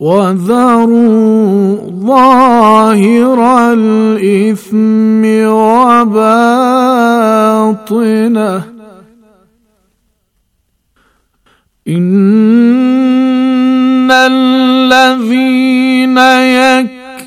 وذروا ظاهر الإثم وباطنه إن الذي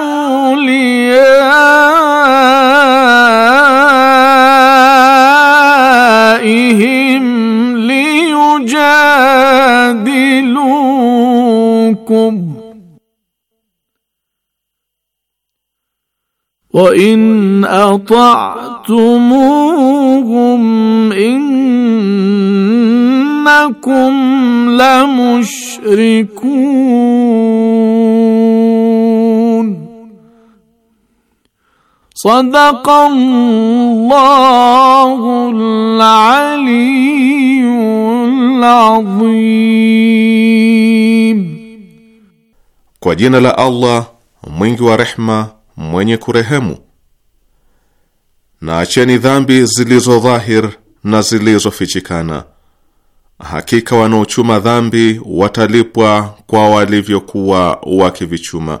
أوليائهم ليجادلوكم وإن أطعتموهم إنكم لمشركون Sadaqallahul aliyyul adhim. Kwa jina la Allah mwingi wa rehma mwenye kurehemu. Na acheni dhambi zilizo dhahir na zilizofichikana. Hakika wanaochuma dhambi watalipwa kwa walivyokuwa wakivichuma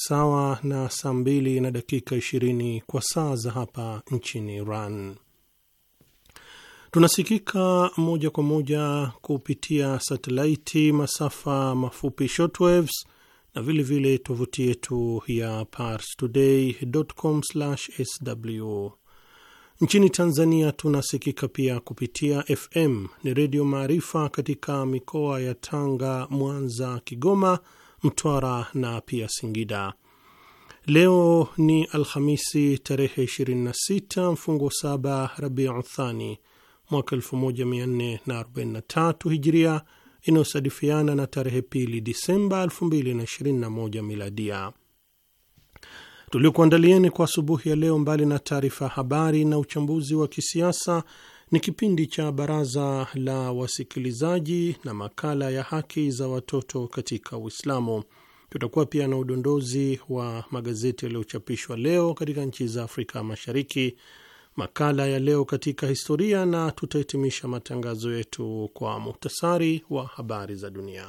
sawa na saa mbili na dakika ishirini kwa saa za hapa nchini Iran. Tunasikika moja kwa moja kupitia satelaiti, masafa mafupi shortwaves na vilevile tovuti yetu ya parstoday.com/sw. Nchini Tanzania tunasikika pia kupitia FM ni Redio Maarifa katika mikoa ya Tanga, Mwanza, Kigoma, Mtwara na pia Singida. Leo ni Alhamisi tarehe 26 mfungo saba Rabiu Thani mwaka 1443 Hijiria, inayosadifiana na tarehe pili Disemba 2021 Miladia. Tuliokuandalieni kwa asubuhi ya leo, mbali na taarifa habari na uchambuzi wa kisiasa ni kipindi cha Baraza la Wasikilizaji na makala ya haki za watoto katika Uislamu. Tutakuwa pia na udondozi wa magazeti yaliyochapishwa leo katika nchi za Afrika Mashariki, makala ya leo katika historia, na tutahitimisha matangazo yetu kwa muhtasari wa habari za dunia.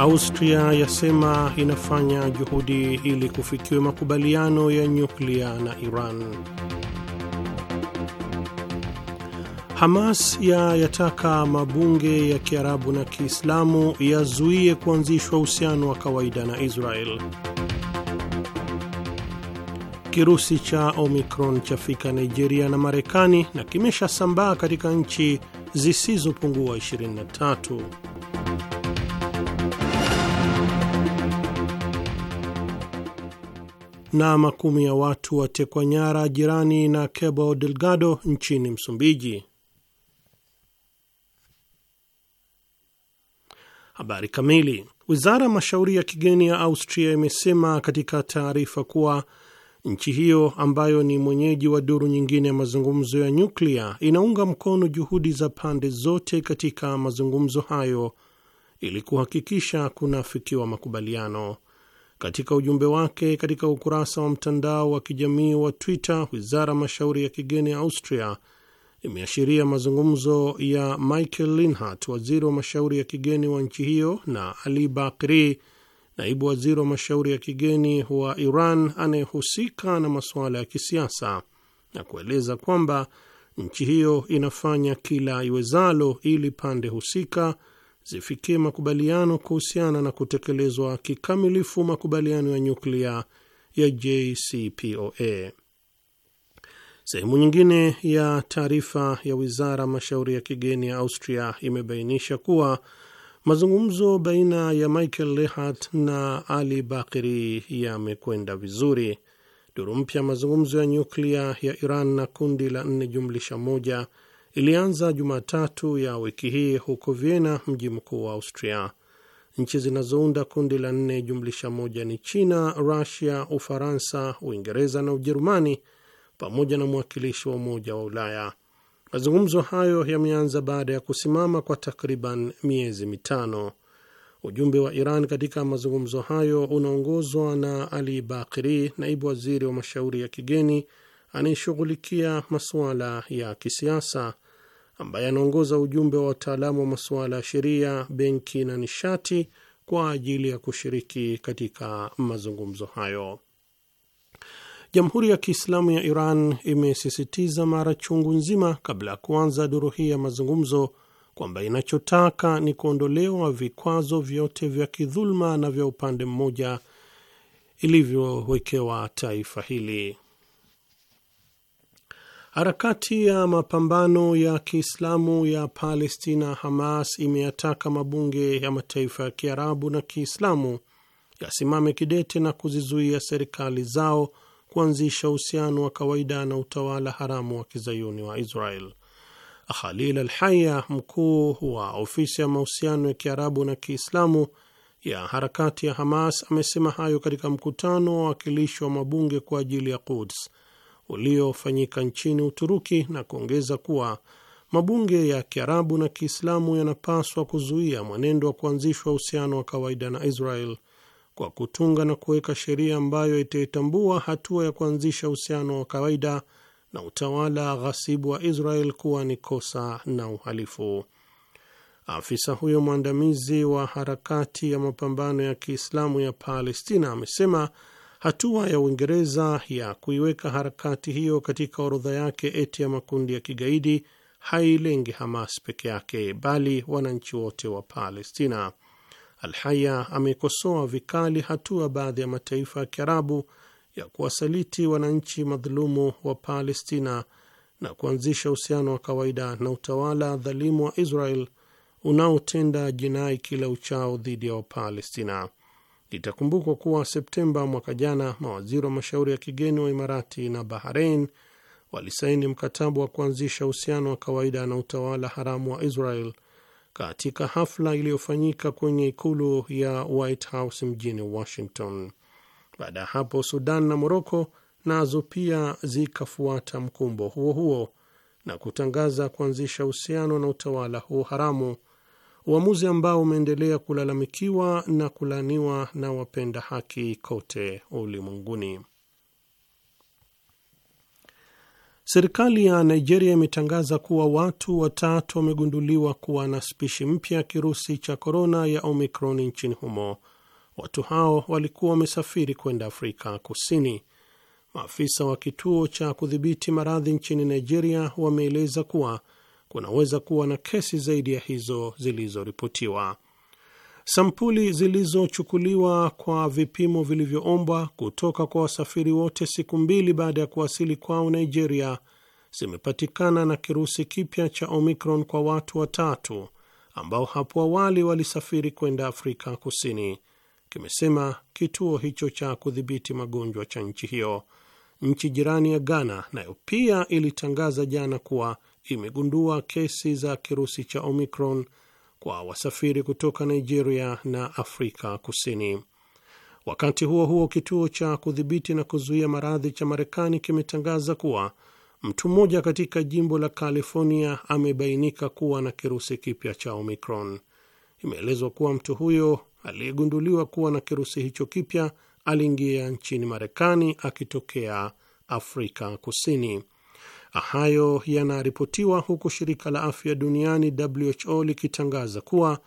Austria yasema inafanya juhudi ili kufikiwa makubaliano ya nyuklia na Iran. Hamas ya yataka mabunge ya Kiarabu na Kiislamu yazuie kuanzishwa uhusiano wa kawaida na Israel. Kirusi cha Omicron chafika Nigeria na Marekani na kimeshasambaa katika nchi zisizopungua 23. na makumi ya watu watekwa nyara jirani na Cabo Delgado nchini Msumbiji. Habari kamili. Wizara ya mashauri ya kigeni ya Austria imesema katika taarifa kuwa nchi hiyo ambayo ni mwenyeji wa duru nyingine ya mazungumzo ya nyuklia inaunga mkono juhudi za pande zote katika mazungumzo hayo ili kuhakikisha kunafikiwa makubaliano. Katika ujumbe wake katika ukurasa wa mtandao wa kijamii wa Twitter, wizara mashauri ya kigeni ya Austria imeashiria mazungumzo ya Michael Linhart, waziri wa mashauri ya kigeni wa nchi hiyo, na Ali Bakri, naibu waziri wa mashauri ya kigeni wa Iran anayehusika na masuala ya kisiasa, na kueleza kwamba nchi hiyo inafanya kila iwezalo ili pande husika zifikie makubaliano kuhusiana na kutekelezwa kikamilifu makubaliano ya nyuklia ya JCPOA. Sehemu nyingine ya taarifa ya wizara mashauri ya kigeni ya Austria imebainisha kuwa mazungumzo baina ya Michael Lehart na Ali Bakiri yamekwenda vizuri. Duru mpya mazungumzo ya nyuklia ya Iran na kundi la nne jumlisha moja ilianza Jumatatu ya wiki hii huko Vienna, mji mkuu wa Austria. Nchi zinazounda kundi la nne jumlisha moja ni China, Rusia, Ufaransa, Uingereza na Ujerumani pamoja na mwakilishi wa Umoja wa Ulaya. Mazungumzo hayo yameanza baada ya kusimama kwa takriban miezi mitano. Ujumbe wa Iran katika mazungumzo hayo unaongozwa na Ali Bakiri, naibu waziri wa mashauri ya kigeni anayeshughulikia masuala ya kisiasa ambaye anaongoza ujumbe wa wataalamu wa masuala ya sheria, benki na nishati kwa ajili ya kushiriki katika mazungumzo hayo. Jamhuri ya Kiislamu ya Iran imesisitiza mara chungu nzima kabla ya kuanza duru hii ya mazungumzo kwamba inachotaka ni kuondolewa vikwazo vyote vya kidhuluma na vya upande mmoja ilivyowekewa taifa hili. Harakati ya mapambano ya Kiislamu ya Palestina Hamas imeyataka mabunge ya mataifa ya Kiarabu na Kiislamu yasimame kidete na kuzizuia serikali zao kuanzisha uhusiano wa kawaida na utawala haramu wa kizayuni wa Israel. Khalil Alhaya, mkuu wa ofisi ya mahusiano ya Kiarabu na Kiislamu ya harakati ya Hamas, amesema hayo katika mkutano wa wawakilishi wa mabunge kwa ajili ya Quds uliofanyika nchini Uturuki na kuongeza kuwa mabunge ya Kiarabu na Kiislamu yanapaswa kuzuia mwenendo wa kuanzishwa uhusiano wa kawaida na Israel kwa kutunga na kuweka sheria ambayo itaitambua hatua ya kuanzisha uhusiano wa kawaida na utawala ghasibu wa Israel kuwa ni kosa na uhalifu. Afisa huyo mwandamizi wa harakati ya mapambano ya Kiislamu ya Palestina amesema Hatua ya Uingereza ya kuiweka harakati hiyo katika orodha yake eti ya makundi ya kigaidi hailengi Hamas peke yake, bali wananchi wote wa Palestina. Alhaya amekosoa vikali hatua baadhi ya mataifa ya Kiarabu ya kuwasaliti wananchi madhulumu wa Palestina na kuanzisha uhusiano wa kawaida na utawala dhalimu wa Israel unaotenda jinai kila uchao dhidi ya Wapalestina. Itakumbukwa kuwa Septemba mwaka jana mawaziri wa mashauri ya kigeni wa Imarati na Bahrain walisaini mkataba wa kuanzisha uhusiano wa kawaida na utawala haramu wa Israel katika hafla iliyofanyika kwenye ikulu ya White House mjini Washington. Baada ya hapo, Sudan na Moroko nazo pia zikafuata mkumbo huo huo na kutangaza kuanzisha uhusiano na utawala huo haramu uamuzi ambao umeendelea kulalamikiwa na kulaaniwa na wapenda haki kote ulimwenguni. Serikali ya Nigeria imetangaza kuwa watu watatu wamegunduliwa kuwa na spishi mpya ya kirusi cha korona ya Omicron nchini humo. Watu hao walikuwa wamesafiri kwenda Afrika Kusini. Maafisa wa kituo cha kudhibiti maradhi nchini Nigeria wameeleza kuwa kunaweza kuwa na kesi zaidi ya hizo zilizoripotiwa. Sampuli zilizochukuliwa kwa vipimo vilivyoombwa kutoka kwa wasafiri wote siku mbili baada ya kuwasili kwao Nigeria zimepatikana na kirusi kipya cha Omicron kwa watu watatu ambao hapo awali walisafiri kwenda Afrika Kusini, kimesema kituo hicho cha kudhibiti magonjwa cha nchi hiyo. Nchi jirani ya Ghana nayo pia ilitangaza jana kuwa imegundua kesi za kirusi cha Omicron kwa wasafiri kutoka Nigeria na Afrika Kusini. Wakati huo huo, kituo cha kudhibiti na kuzuia maradhi cha Marekani kimetangaza kuwa mtu mmoja katika jimbo la California amebainika kuwa na kirusi kipya cha Omicron. Imeelezwa kuwa mtu huyo aliyegunduliwa kuwa na kirusi hicho kipya aliingia nchini Marekani akitokea Afrika Kusini. Hayo yanaripotiwa huku shirika la afya duniani WHO likitangaza kuwa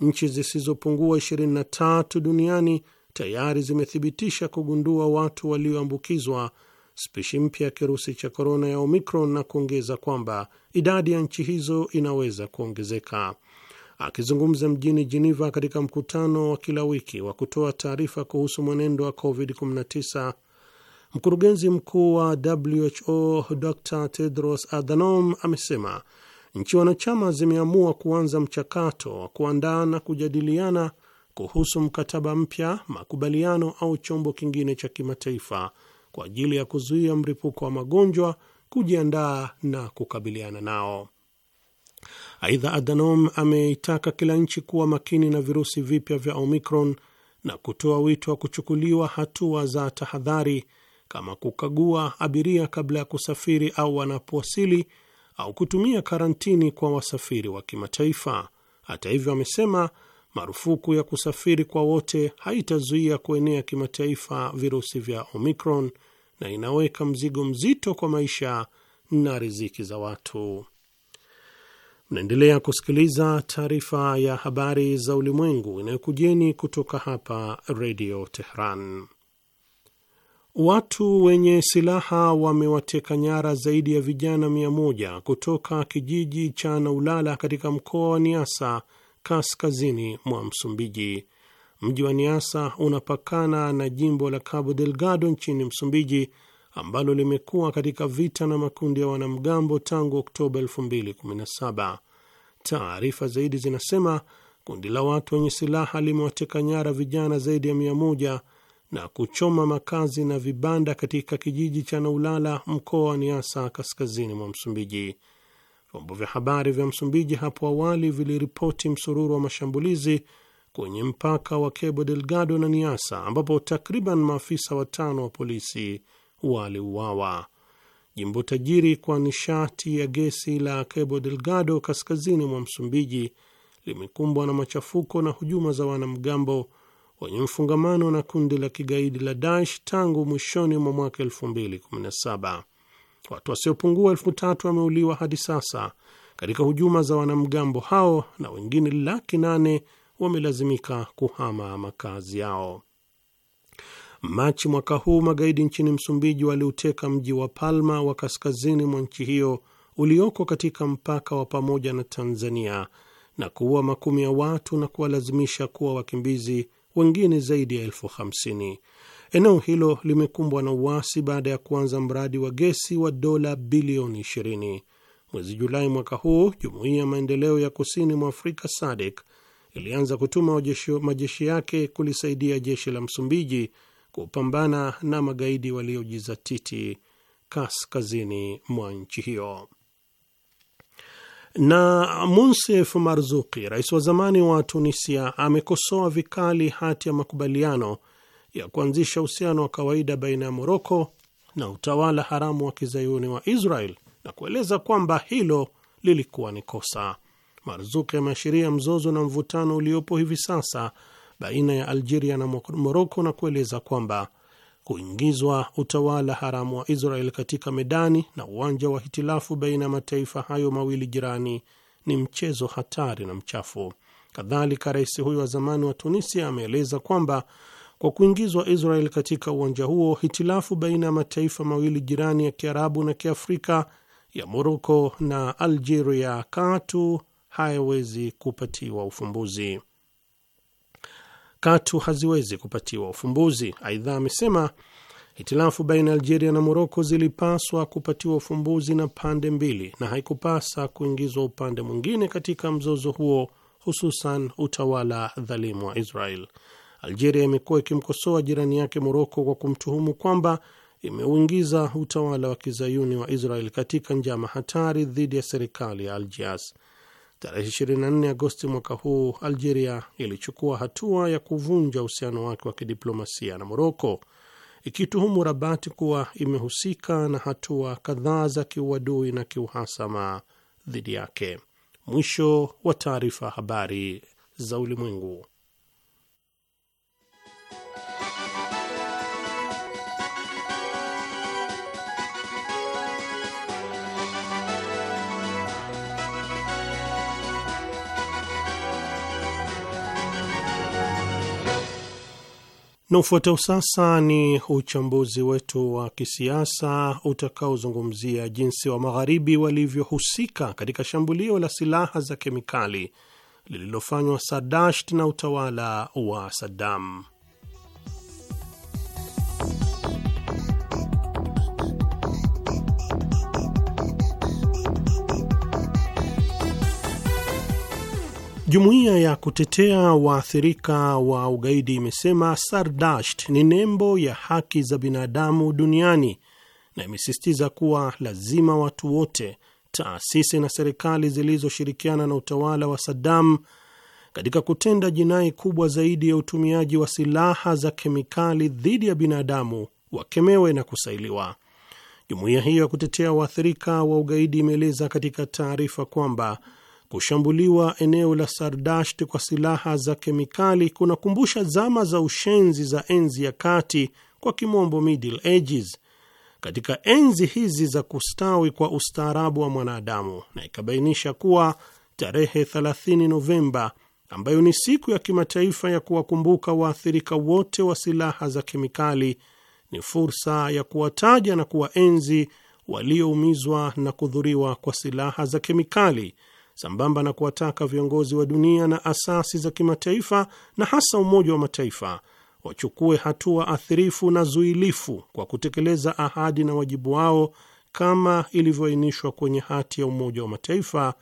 nchi zisizopungua 23 duniani tayari zimethibitisha kugundua watu walioambukizwa spishi mpya ya kirusi cha korona ya Omicron na kuongeza kwamba idadi ya nchi hizo inaweza kuongezeka. Akizungumza mjini Geneva katika mkutano wa kila wiki wa kutoa taarifa kuhusu mwenendo wa COVID-19, Mkurugenzi mkuu wa WHO Dr Tedros Adhanom amesema nchi wanachama zimeamua kuanza mchakato wa kuandaa na kujadiliana kuhusu mkataba mpya, makubaliano au chombo kingine cha kimataifa kwa ajili ya kuzuia mlipuko wa magonjwa, kujiandaa na kukabiliana nao. Aidha, Adhanom ameitaka kila nchi kuwa makini na virusi vipya vya Omicron na kutoa wito wa kuchukuliwa hatua za tahadhari kama kukagua abiria kabla ya kusafiri au wanapowasili au kutumia karantini kwa wasafiri wa kimataifa. Hata hivyo, amesema marufuku ya kusafiri kwa wote haitazuia kuenea kimataifa virusi vya Omicron na inaweka mzigo mzito kwa maisha na riziki za watu. Mnaendelea kusikiliza taarifa ya habari za ulimwengu inayokujeni kutoka hapa Redio Tehran. Watu wenye silaha wamewateka nyara zaidi ya vijana mia moja kutoka kijiji cha Naulala katika mkoa wa Niasa kaskazini mwa Msumbiji. Mji wa Niasa unapakana na jimbo la Cabo Delgado nchini Msumbiji ambalo limekuwa katika vita na makundi ya wanamgambo tangu Oktoba 2017. Taarifa zaidi zinasema kundi la watu wenye silaha limewateka nyara vijana zaidi ya mia moja na kuchoma makazi na vibanda katika kijiji cha Naulala mkoa wa niasa kaskazini mwa Msumbiji. Vyombo vya habari vya Msumbiji hapo awali viliripoti msururu wa mashambulizi kwenye mpaka wa Cabo Delgado na Niasa ambapo takriban maafisa watano wa polisi waliuawa. Jimbo tajiri kwa nishati ya gesi la Cabo Delgado kaskazini mwa Msumbiji limekumbwa na machafuko na hujuma za wanamgambo wenye mfungamano na kundi la kigaidi la Daesh tangu mwishoni mwa mwaka 2017. Watu wasiopungua elfu tatu wameuliwa hadi sasa katika hujuma za wanamgambo hao na wengine laki nane wamelazimika kuhama makazi yao. Machi mwaka huu magaidi nchini Msumbiji waliuteka mji wa Palma wa kaskazini mwa nchi hiyo ulioko katika mpaka wa pamoja na Tanzania na kuua makumi ya watu na kuwalazimisha kuwa wakimbizi wengine zaidi ya elfu hamsini. Eneo hilo limekumbwa na uasi baada ya kuanza mradi wa gesi wa dola bilioni 20. Mwezi Julai mwaka huu, jumuiya ya maendeleo ya kusini mwa Afrika SADC ilianza kutuma majeshi yake kulisaidia jeshi la Msumbiji kupambana na magaidi waliojizatiti kaskazini mwa nchi hiyo. Na Munsef Marzuki, rais wa zamani wa Tunisia, amekosoa vikali hati ya makubaliano ya kuanzisha uhusiano wa kawaida baina ya Moroko na utawala haramu wa kizayuni wa Israel na kueleza kwamba hilo lilikuwa ni kosa. Marzuki ameashiria mzozo na mvutano uliopo hivi sasa baina ya Algeria na Moroko na kueleza kwamba kuingizwa utawala haramu wa Israel katika medani na uwanja wa hitilafu baina ya mataifa hayo mawili jirani ni mchezo hatari na mchafu. Kadhalika, rais huyo wa zamani wa Tunisia ameeleza kwamba kwa kuingizwa Israel katika uwanja huo, hitilafu baina ya mataifa mawili jirani ya Kiarabu na Kiafrika ya Moroko na Algeria katu hayawezi kupatiwa ufumbuzi katu haziwezi kupatiwa ufumbuzi. Aidha amesema hitilafu baina ya Algeria na Moroko zilipaswa kupatiwa ufumbuzi na pande mbili na haikupasa kuingizwa upande mwingine katika mzozo huo, hususan utawala dhalimu wa Israel. Algeria imekuwa ikimkosoa jirani yake Moroko kwa kumtuhumu kwamba imeuingiza utawala wa kizayuni wa Israel katika njama hatari dhidi ya serikali ya Algiers. Tarehe 24 Agosti mwaka huu Algeria ilichukua hatua ya kuvunja uhusiano wake wa kidiplomasia na Moroko, ikituhumu Rabati kuwa imehusika na hatua kadhaa za kiuadui na kiuhasama dhidi yake. Mwisho wa taarifa. Habari za Ulimwengu. Na ufuatao sasa ni uchambuzi wetu wa kisiasa utakaozungumzia jinsi wa magharibi walivyohusika katika shambulio la silaha za kemikali lililofanywa Sadasht na utawala wa Saddam. Jumuiya ya kutetea waathirika wa ugaidi imesema Sardasht ni nembo ya haki za binadamu duniani na imesisitiza kuwa lazima watu wote, taasisi na serikali zilizoshirikiana na utawala wa Saddam katika kutenda jinai kubwa zaidi ya utumiaji wa silaha za kemikali dhidi ya binadamu wakemewe na kusailiwa. Jumuiya hiyo ya kutetea waathirika wa ugaidi imeeleza katika taarifa kwamba Kushambuliwa eneo la Sardasht kwa silaha za kemikali kunakumbusha zama za ushenzi za enzi ya kati, kwa kimombo Middle Ages. Katika enzi hizi za kustawi kwa ustaarabu wa mwanadamu, na ikabainisha kuwa tarehe 30 Novemba, ambayo ni siku ya kimataifa ya kuwakumbuka waathirika wote wa silaha za kemikali, ni fursa ya kuwataja na kuwaenzi walioumizwa na kudhuriwa kwa silaha za kemikali sambamba na kuwataka viongozi wa dunia na asasi za kimataifa na hasa Umoja wa Mataifa wachukue hatua athirifu na zuilifu kwa kutekeleza ahadi na wajibu wao kama ilivyoainishwa kwenye hati ya Umoja wa Mataifa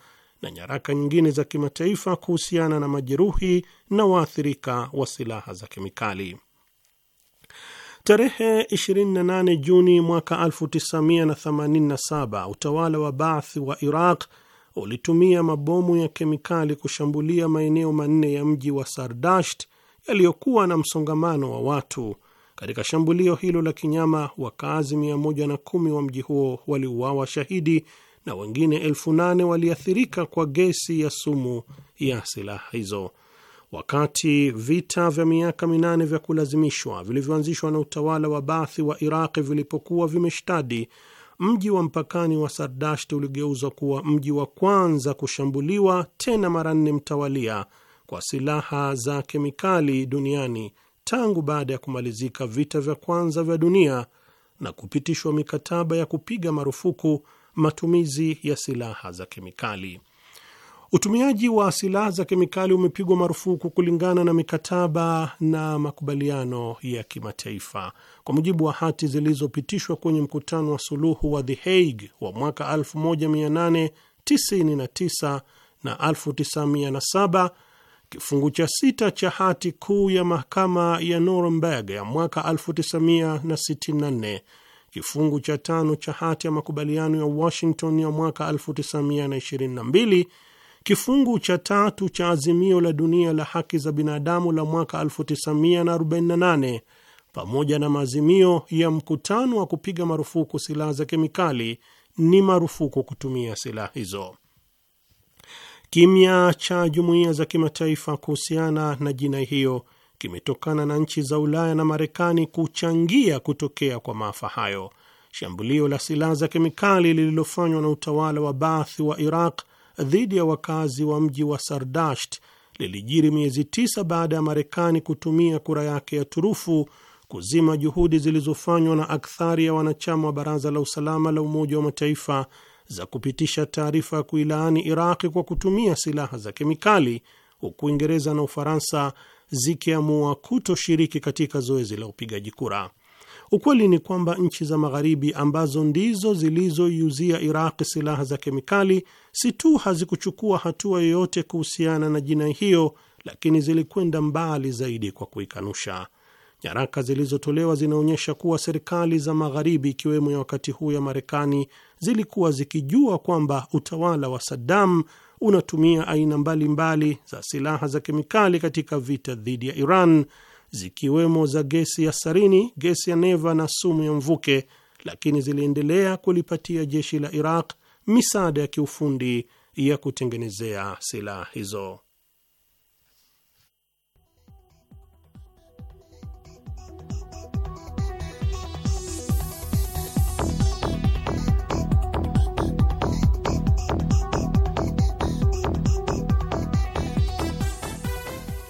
na nyaraka nyingine za kimataifa kuhusiana na majeruhi na waathirika wa silaha za kemikali. Tarehe 28 Juni mwaka 1987 utawala wa Baath wa Iraq ulitumia mabomu ya kemikali kushambulia maeneo manne ya mji wa Sardasht yaliyokuwa na msongamano wa watu. Katika shambulio hilo la kinyama, wakazi 110 wa mji huo waliuawa shahidi na wengine elfu nane waliathirika kwa gesi ya sumu ya silaha hizo. Wakati vita vya miaka minane vya kulazimishwa vilivyoanzishwa na utawala wa Baathi wa Iraqi vilipokuwa vimeshtadi, mji wa mpakani wa Sardasht uligeuzwa kuwa mji wa kwanza kushambuliwa tena mara nne mtawalia kwa silaha za kemikali duniani tangu baada ya kumalizika vita vya kwanza vya dunia na kupitishwa mikataba ya kupiga marufuku matumizi ya silaha za kemikali. Utumiaji wa silaha za kemikali umepigwa marufuku kulingana na mikataba na makubaliano ya kimataifa. Kwa mujibu wa hati zilizopitishwa kwenye mkutano wa suluhu wa The Hague wa mwaka 1899 na 1907, kifungu cha sita cha hati kuu ya mahakama ya Nuremberg ya mwaka 1964, kifungu cha tano cha hati ya makubaliano ya Washington ya mwaka 1922 kifungu cha tatu cha azimio la dunia la haki za binadamu la mwaka 1948 pamoja na maazimio ya mkutano wa kupiga marufuku silaha za kemikali ni marufuku kutumia silaha hizo. Kimya cha jumuiya za kimataifa kuhusiana na jinai hiyo kimetokana na nchi za Ulaya na Marekani kuchangia kutokea kwa maafa hayo. Shambulio la silaha za kemikali lililofanywa na utawala wa Baath wa Iraq dhidi ya wakazi wa mji wa Sardasht lilijiri miezi tisa baada ya Marekani kutumia kura yake ya turufu kuzima juhudi zilizofanywa na akthari ya wanachama wa Baraza la Usalama la Umoja wa Mataifa za kupitisha taarifa ya kuilaani Iraqi kwa kutumia silaha za kemikali, huku Uingereza na Ufaransa zikiamua kutoshiriki katika zoezi la upigaji kura. Ukweli ni kwamba nchi za Magharibi ambazo ndizo zilizoiuzia Iraqi silaha za kemikali si tu hazikuchukua hatua yoyote kuhusiana na jinai hiyo, lakini zilikwenda mbali zaidi kwa kuikanusha. Nyaraka zilizotolewa zinaonyesha kuwa serikali za Magharibi, ikiwemo ya wakati huu ya Marekani, zilikuwa zikijua kwamba utawala wa Saddam unatumia aina mbalimbali mbali za silaha za kemikali katika vita dhidi ya Iran, zikiwemo za gesi ya sarini, gesi ya neva na sumu ya mvuke, lakini ziliendelea kulipatia jeshi la Iraq misaada ya kiufundi ya kutengenezea silaha hizo.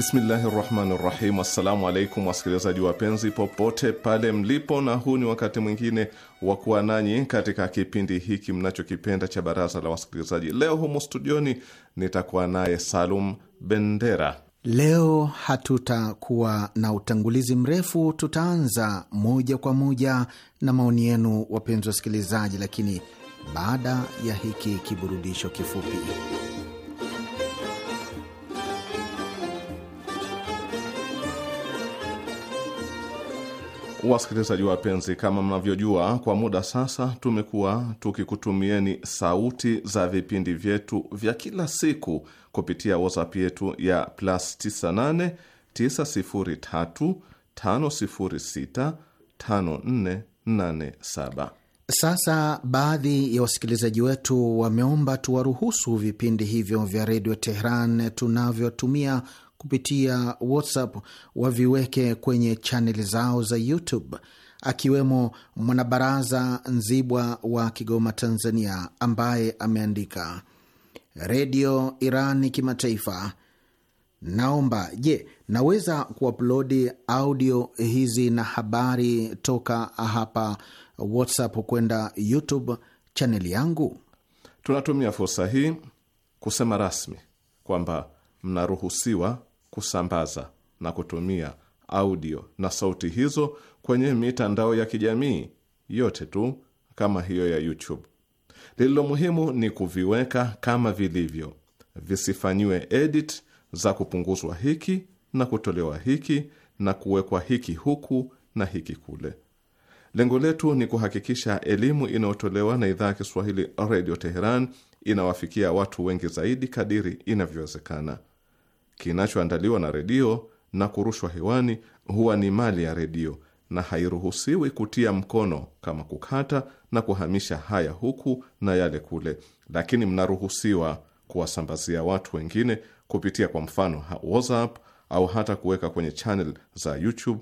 Bismillahi rahmani rahim. Assalamu alaikum wasikilizaji wapenzi popote pale mlipo, na huu ni wakati mwingine wa kuwa nanyi katika kipindi hiki mnachokipenda cha baraza la wasikilizaji. Leo humu studioni nitakuwa naye Salum Bendera. Leo hatutakuwa na utangulizi mrefu, tutaanza moja kwa moja na maoni yenu, wapenzi wasikilizaji, lakini baada ya hiki kiburudisho kifupi. Wasikilizaji wapenzi, kama mnavyojua, kwa muda sasa tumekuwa tukikutumieni sauti za vipindi vyetu vya kila siku kupitia WhatsApp yetu ya plus 98 Sasa baadhi ya wasikilizaji wetu wameomba tuwaruhusu vipindi hivyo vya redio Tehran tunavyotumia kupitia WhatsApp waviweke kwenye chaneli zao za YouTube, akiwemo mwanabaraza Nzibwa wa Kigoma, Tanzania, ambaye ameandika Redio Iran Kimataifa, naomba je, naweza kuaplodi audio hizi na habari toka hapa WhatsApp kwenda YouTube chaneli yangu? Tunatumia fursa hii kusema rasmi kwamba mnaruhusiwa kusambaza na kutumia audio na sauti hizo kwenye mitandao ya kijamii yote tu kama hiyo ya YouTube. Lililo muhimu ni kuviweka kama vilivyo, visifanyiwe edit za kupunguzwa hiki na kutolewa hiki na kuwekwa hiki huku na hiki kule. Lengo letu ni kuhakikisha elimu inayotolewa na idhaa ya Kiswahili Redio Teheran inawafikia watu wengi zaidi kadiri inavyowezekana kinachoandaliwa na redio na kurushwa hewani huwa ni mali ya redio na hairuhusiwi kutia mkono kama kukata na kuhamisha haya huku na yale kule, lakini mnaruhusiwa kuwasambazia watu wengine kupitia kwa mfano WhatsApp au hata kuweka kwenye channel za YouTube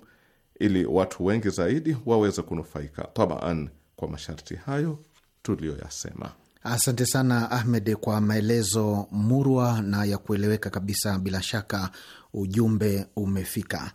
ili watu wengi zaidi waweze kunufaika tabaan, kwa masharti hayo tuliyoyasema. Asante sana Ahmed kwa maelezo murwa na ya kueleweka kabisa. Bila shaka ujumbe umefika.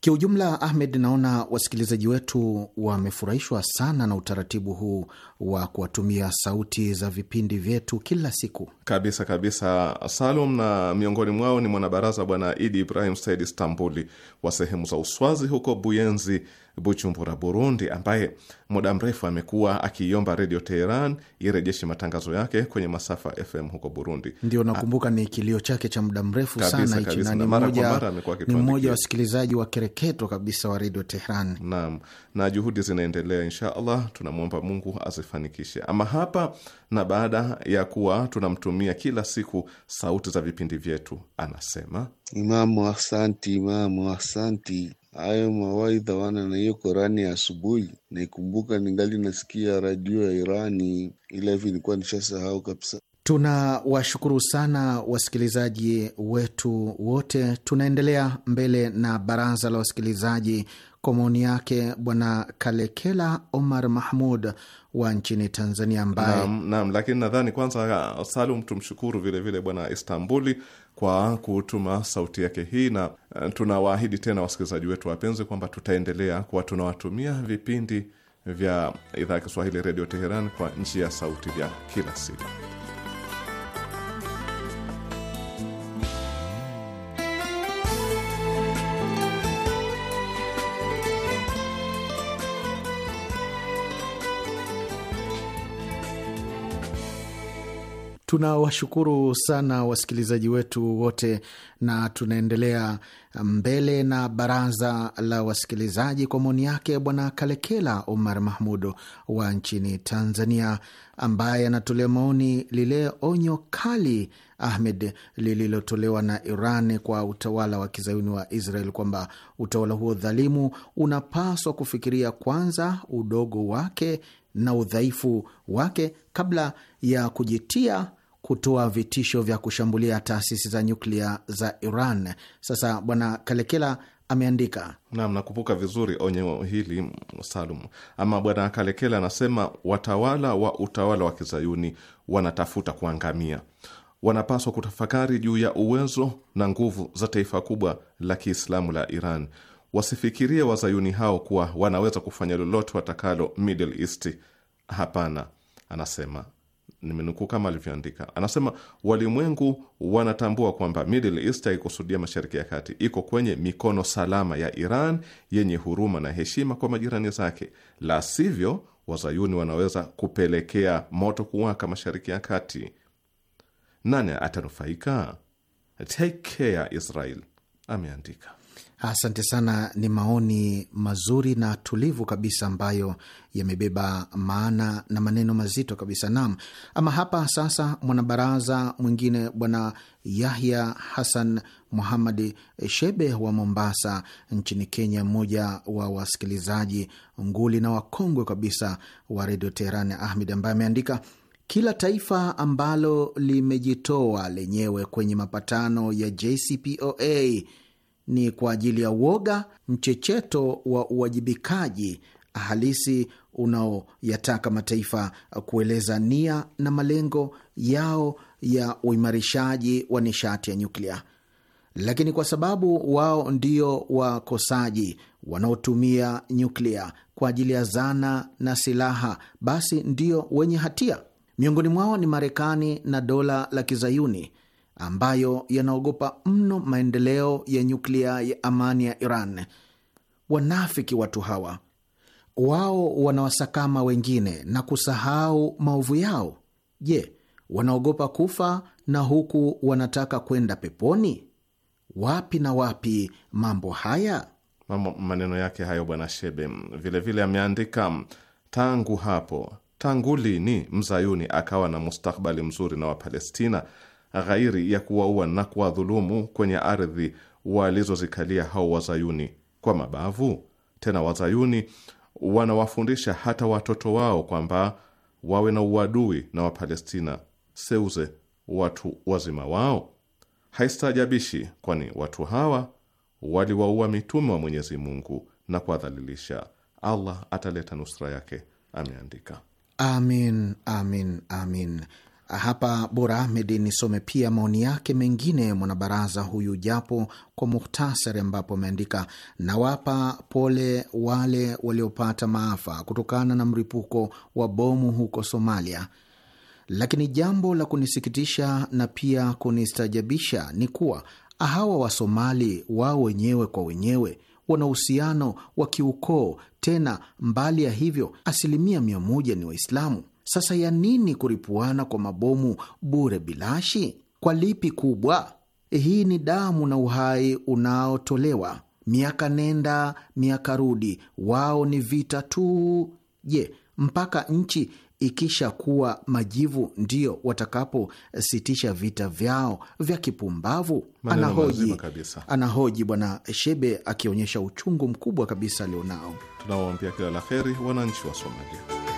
Kiujumla Ahmed, naona wasikilizaji wetu wamefurahishwa sana na utaratibu huu wa kuwatumia sauti za vipindi vyetu kila siku. Kabisa kabisa, Salum, na miongoni mwao ni mwanabaraza Bwana Idi Ibrahim Said istanbuli wa sehemu za Uswazi huko Buyenzi Bujumbura, Burundi, ambaye muda mrefu amekuwa akiiomba Redio Teheran irejeshe matangazo yake kwenye masafa FM huko Burundi. Ndio nakumbuka ni kilio chake cha muda mrefu sana hichi, na ni mmoja wa wasikilizaji wa kereketo kabisa wa Redio Teheran. Naam, na juhudi zinaendelea, insha Allah tunamwomba Mungu azifanikishe. Ama hapa na baada ya kuwa tunamtumia kila siku sauti za vipindi vyetu, anasema Imamu, asanti Imamu, asanti hayo mawaidha wana na hiyo Korani ya asubuhi, naikumbuka ningali nasikia redio ya Irani, ila hivi nilikuwa nishasahau kabisa. Tunawashukuru sana wasikilizaji wetu wote. Tunaendelea mbele na baraza la wasikilizaji kwa maoni yake Bwana Kalekela Omar Mahmud wa nchini Tanzania, ambaye naam, lakini nadhani kwanza Salum tumshukuru vilevile Bwana Istambuli kwa kutuma sauti yake hii, na eh, tunawaahidi tena wasikilizaji wetu wapenzi kwamba tutaendelea kuwa tunawatumia vipindi vya idhaa ya Kiswahili Redio Teheran kwa njia ya sauti vya kila siku. Tunawashukuru sana wasikilizaji wetu wote, na tunaendelea mbele na baraza la wasikilizaji kwa maoni yake Bwana Kalekela Omar Mahmud wa nchini Tanzania, ambaye anatolea maoni lile onyo kali Ahmed lililotolewa na Iran kwa utawala wa kizayuni wa Israel kwamba utawala huo dhalimu unapaswa kufikiria kwanza udogo wake na udhaifu wake kabla ya kujitia kutoa vitisho vya kushambulia taasisi za nyuklia za Iran. Sasa bwana Kalekela ameandika nam, nakumbuka vizuri onyo hili Salum. Ama bwana Kalekela anasema watawala wa utawala wa kizayuni wanatafuta kuangamia, wanapaswa kutafakari juu ya uwezo na nguvu za taifa kubwa la Kiislamu la Iran. Wasifikirie wazayuni hao kuwa wanaweza kufanya lolote watakalo Middle East. Hapana, anasema nimenukuu kama alivyoandika, anasema walimwengu wanatambua kwamba Middle East haikusudia Mashariki ya Kati, iko kwenye mikono salama ya Iran yenye huruma na heshima kwa majirani zake, la sivyo wazayuni wanaweza kupelekea moto kuwaka Mashariki ya Kati. Nani atanufaika? Take care Israel, ameandika. Asante sana, ni maoni mazuri na tulivu kabisa ambayo yamebeba maana na maneno mazito kabisa. Naam, ama hapa sasa, mwanabaraza mwingine Bwana Yahya Hasan Muhamad Shebe wa Mombasa nchini Kenya, mmoja wa wasikilizaji nguli na wakongwe kabisa wa Redio Teheran Ahmed, ambaye ameandika kila taifa ambalo limejitoa lenyewe kwenye mapatano ya JCPOA ni kwa ajili ya uoga, mchecheto wa uwajibikaji halisi unaoyataka mataifa kueleza nia na malengo yao ya uimarishaji wa nishati ya nyuklia, lakini kwa sababu wao ndio wakosaji wanaotumia nyuklia kwa ajili ya zana na silaha, basi ndio wenye hatia. Miongoni mwao ni Marekani na dola la Kizayuni ambayo yanaogopa mno maendeleo ya nyuklia ya amani ya Iran. Wanafiki watu hawa, wao wanawasakama wengine na kusahau maovu yao. Je, wanaogopa kufa na huku wanataka kwenda peponi? Wapi na wapi mambo haya! Mambo maneno yake hayo Bwana Shebe vilevile ameandika tangu hapo, tangu lini mzayuni akawa na mustakbali mzuri na Wapalestina ghairi ya kuwaua na kuwadhulumu kwenye ardhi walizozikalia hao wazayuni kwa mabavu. Tena wazayuni wanawafundisha hata watoto wao kwamba wawe na uadui na Wapalestina, seuze watu wazima wao. Haistajabishi, kwani watu hawa waliwaua mitume wa Mwenyezi Mungu na kuwadhalilisha. Allah ataleta nusra yake, ameandika. Amin, amin, amin. Hapa bora Ahmed nisome pia maoni yake mengine mwanabaraza huyu, japo kwa muhtasari, ambapo ameandika nawapa pole wale waliopata maafa kutokana na mlipuko wa bomu huko Somalia, lakini jambo la kunisikitisha na pia kunistajabisha ni kuwa hawa Wasomali wao wenyewe kwa wenyewe wana uhusiano wa kiukoo, tena mbali ya hivyo, asilimia mia moja ni Waislamu. Sasa ya nini kuripuana kwa mabomu bure bilashi? Kwa lipi kubwa? Hii ni damu na uhai unaotolewa, miaka nenda miaka rudi, wao ni vita tu. Je, mpaka nchi ikisha kuwa majivu ndio watakapositisha vita vyao vya kipumbavu? Anahoji, anahoji Bwana Shebe akionyesha uchungu mkubwa kabisa alionao. Tunawaambia kila la heri wananchi wa Somalia.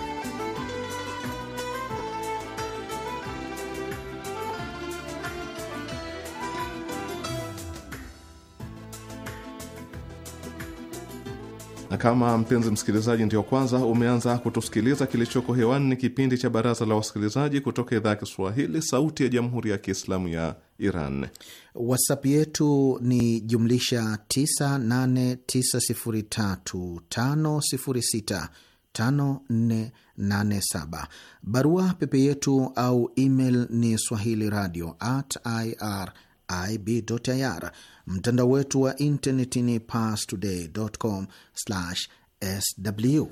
Na kama mpenzi msikilizaji ndio kwanza umeanza kutusikiliza, kilichoko hewani ni kipindi cha Baraza la Wasikilizaji kutoka idhaa ya Kiswahili, Sauti ya Jamhuri ya Kiislamu ya Iran. WhatsApp yetu ni jumlisha 989035065487. Barua pepe yetu au email ni swahili radio at ir IB.ir. Mtandao wetu wa intaneti ni pastodaycom sw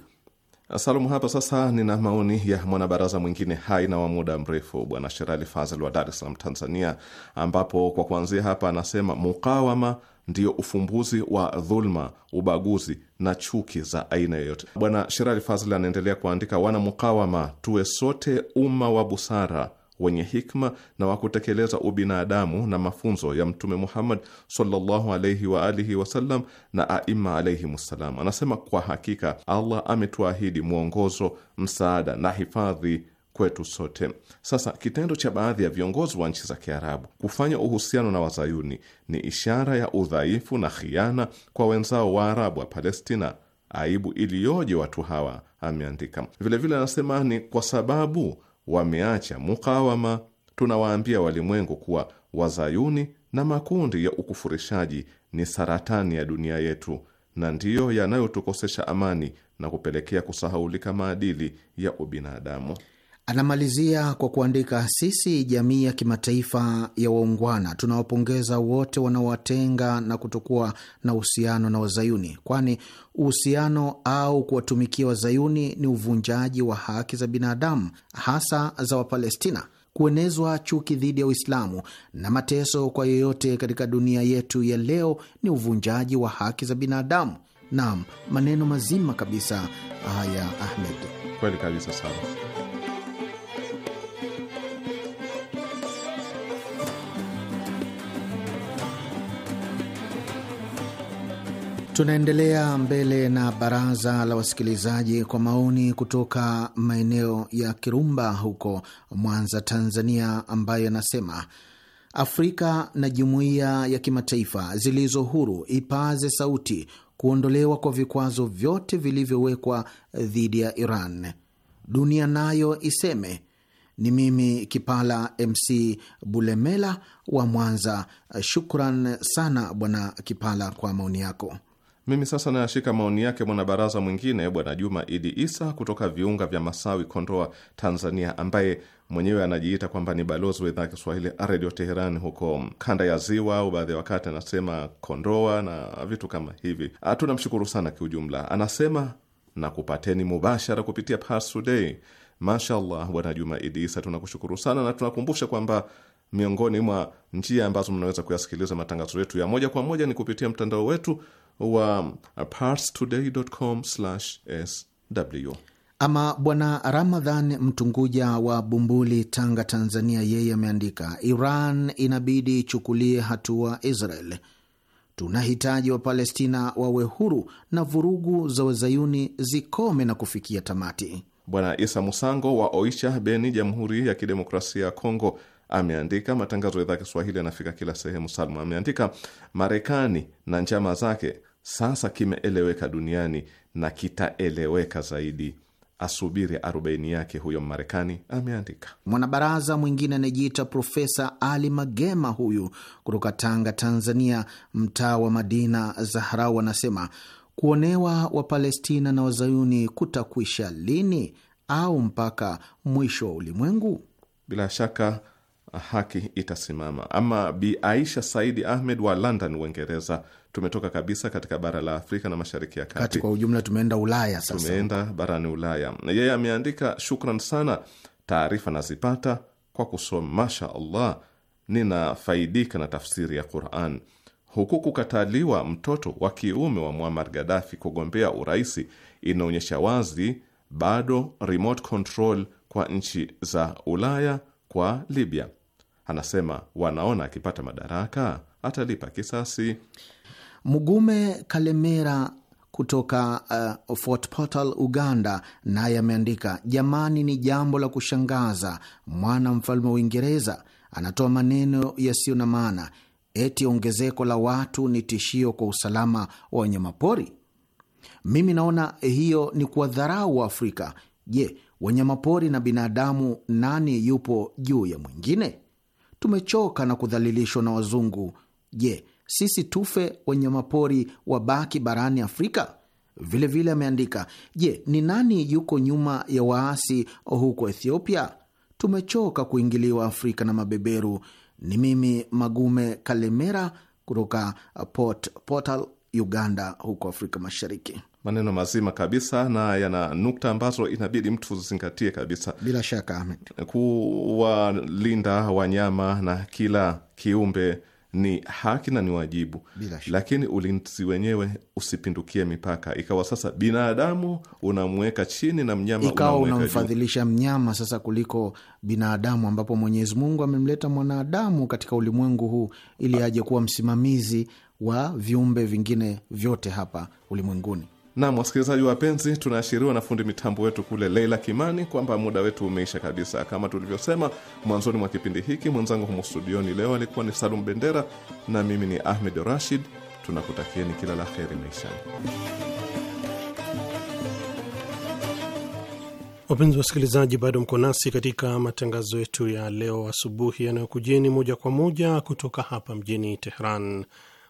Salumu hapa sasa. Nina maoni ya mwanabaraza mwingine hai na wa muda mrefu, Bwana Sherali fazl wa Dar es Salaam, Tanzania, ambapo kwa kuanzia hapa anasema mukawama ndio ufumbuzi wa dhulma, ubaguzi na chuki za aina yoyote. Bwana Sherali fazl anaendelea kuandika, wana mukawama, tuwe sote umma wa busara wenye hikma na wa kutekeleza ubinadamu na mafunzo ya Mtume Muhammad sallallahu alaihi wa alihi wasallam na aima alaihimussalam. Anasema kwa hakika Allah ametuahidi mwongozo, msaada na hifadhi kwetu sote. Sasa kitendo cha baadhi ya viongozi wa nchi za Kiarabu kufanya uhusiano na wazayuni ni ishara ya udhaifu na khiana kwa wenzao wa arabu wa Palestina. Aibu iliyoje watu hawa, ameandika vilevile. Anasema ni kwa sababu wameacha mukawama, tunawaambia walimwengu kuwa wazayuni na makundi ya ukufurishaji ni saratani ya dunia yetu na ndiyo yanayotukosesha amani na kupelekea kusahaulika maadili ya ubinadamu. Anamalizia kwa kuandika, sisi jamii ya kimataifa ya waungwana tunawapongeza wote wanaowatenga na kutokuwa na uhusiano na Wazayuni, kwani uhusiano au kuwatumikia Wazayuni ni uvunjaji wa haki za binadamu, hasa za Wapalestina. Kuenezwa chuki dhidi ya Uislamu na mateso kwa yoyote katika dunia yetu ya leo ni uvunjaji wa haki za binadamu. Naam, maneno mazima kabisa haya, Ahmed. Kweli kabisa sana. Tunaendelea mbele na baraza la wasikilizaji kwa maoni kutoka maeneo ya Kirumba huko Mwanza, Tanzania, ambayo yanasema Afrika na jumuiya ya kimataifa zilizo huru ipaze sauti kuondolewa kwa vikwazo vyote vilivyowekwa dhidi ya Iran. Dunia nayo iseme. Ni mimi Kipala MC Bulemela wa Mwanza. Shukran sana Bwana Kipala kwa maoni yako. Mimi sasa nayashika maoni yake mwanabaraza mwingine Bwana Juma Idi Isa kutoka viunga vya Masawi, Kondoa, Tanzania, ambaye mwenyewe anajiita kwamba ni balozi wa idhaa ya Kiswahili Redio Teheran huko kanda ya Ziwa, au baadhi ya wakati anasema Kondoa na vitu kama hivi. Ah, tunamshukuru sana kiujumla. Anasema na kupateni mubashara kupitia Parstoday. Mashallah, Bwana Juma Idi Isa, tunakushukuru sana na tunakumbusha kwamba Miongoni mwa njia ambazo mnaweza kuyasikiliza matangazo yetu ya moja kwa moja ni kupitia mtandao wetu wa parstoday.com/sw. Ama Bwana Ramadhan Mtunguja wa Bumbuli, Tanga, Tanzania, yeye ameandika, Iran inabidi ichukulie hatua Israel. Tunahitaji Wapalestina wawe huru na vurugu za wazayuni zikome na kufikia tamati. Bwana Isa Musango wa Oicha Beni, Jamhuri ya Kidemokrasia ya Kongo ameandika matangazo ya idhaa Kiswahili yanafika kila sehemu. Salma ameandika Marekani na njama zake sasa kimeeleweka duniani na kitaeleweka zaidi. Asubiri arobaini yake huyo marekani ameandika mwanabaraza. Mwingine anayejiita Profesa Ali Magema, huyu kutoka Tanga, Tanzania, mtaa wa Madina Zahrau, anasema kuonewa Wapalestina na Wazayuni kutakwisha lini, au mpaka mwisho wa ulimwengu? Bila shaka haki itasimama. Ama Bi Aisha Saidi Ahmed wa London, Uingereza. Tumetoka kabisa katika bara la Afrika na mashariki ya kati, kati kwa ujumla, tumeenda Ulaya sasa. Tumeenda barani Ulaya. Yeye ameandika shukran sana, taarifa nazipata kwa kusoma. Masha Allah, ninafaidika na tafsiri ya Quran. Huku kukataliwa mtoto wa kiume wa Muammar Gaddafi kugombea uraisi inaonyesha wazi bado remote control kwa nchi za Ulaya kwa Libya Anasema wanaona akipata madaraka atalipa kisasi. Mugume Kalemera kutoka uh, Fort Portal, Uganda, naye ameandika jamani, ni jambo la kushangaza, mwana mfalme wa Uingereza anatoa maneno yasiyo na maana, eti ongezeko la watu ni tishio kwa usalama wa wanyamapori. Mimi naona hiyo ni kuwadharau wa Afrika. Je, wanyamapori na binadamu, nani yupo juu ya mwingine? tumechoka na kudhalilishwa na wazungu. Je, sisi tufe wanyamapori wabaki barani Afrika? Vilevile ameandika vile, je, ni nani yuko nyuma ya waasi huko Ethiopia? Tumechoka kuingiliwa Afrika na mabeberu. Ni mimi Magume Kalemera kutoka Port Portal, Uganda, huko Afrika Mashariki maneno mazima kabisa na yana nukta ambazo inabidi mtu zingatie kabisa. Bila shaka, kuwalinda wanyama na kila kiumbe ni haki na ni wajibu, lakini ulinzi wenyewe usipindukie mipaka, ikawa sasa binadamu unamweka chini na mnyama, ikawa unamfadhilisha mnyama sasa kuliko binadamu, ambapo Mwenyezi Mungu amemleta mwanadamu katika ulimwengu huu ili aje kuwa msimamizi wa viumbe vingine vyote hapa ulimwenguni. Nam, wasikilizaji wapenzi, tunaashiriwa na fundi mitambo wetu kule Leila Kimani kwamba muda wetu umeisha kabisa. Kama tulivyosema mwanzoni mwa kipindi hiki, mwenzangu humo studioni leo alikuwa ni Salum Bendera na mimi ni Ahmed Rashid. Tunakutakieni kila la heri maishani. Wapenzi wasikilizaji, bado mko nasi katika matangazo yetu ya leo asubuhi yanayokujeni moja kwa moja kutoka hapa mjini teheran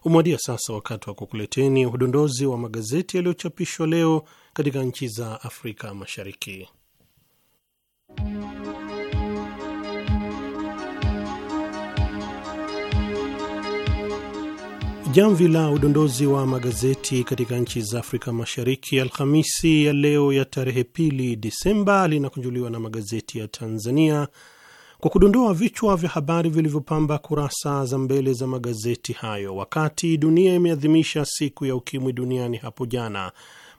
Umewadia sasa wakati wa kukuleteni udondozi wa magazeti yaliyochapishwa leo katika nchi za Afrika Mashariki. Jamvi la udondozi wa magazeti katika nchi za Afrika Mashariki Alhamisi ya leo ya tarehe pili Disemba linakunjuliwa na magazeti ya Tanzania kwa kudondoa vichwa vya habari vilivyopamba kurasa za mbele za magazeti hayo. Wakati dunia imeadhimisha siku ya ukimwi duniani hapo jana,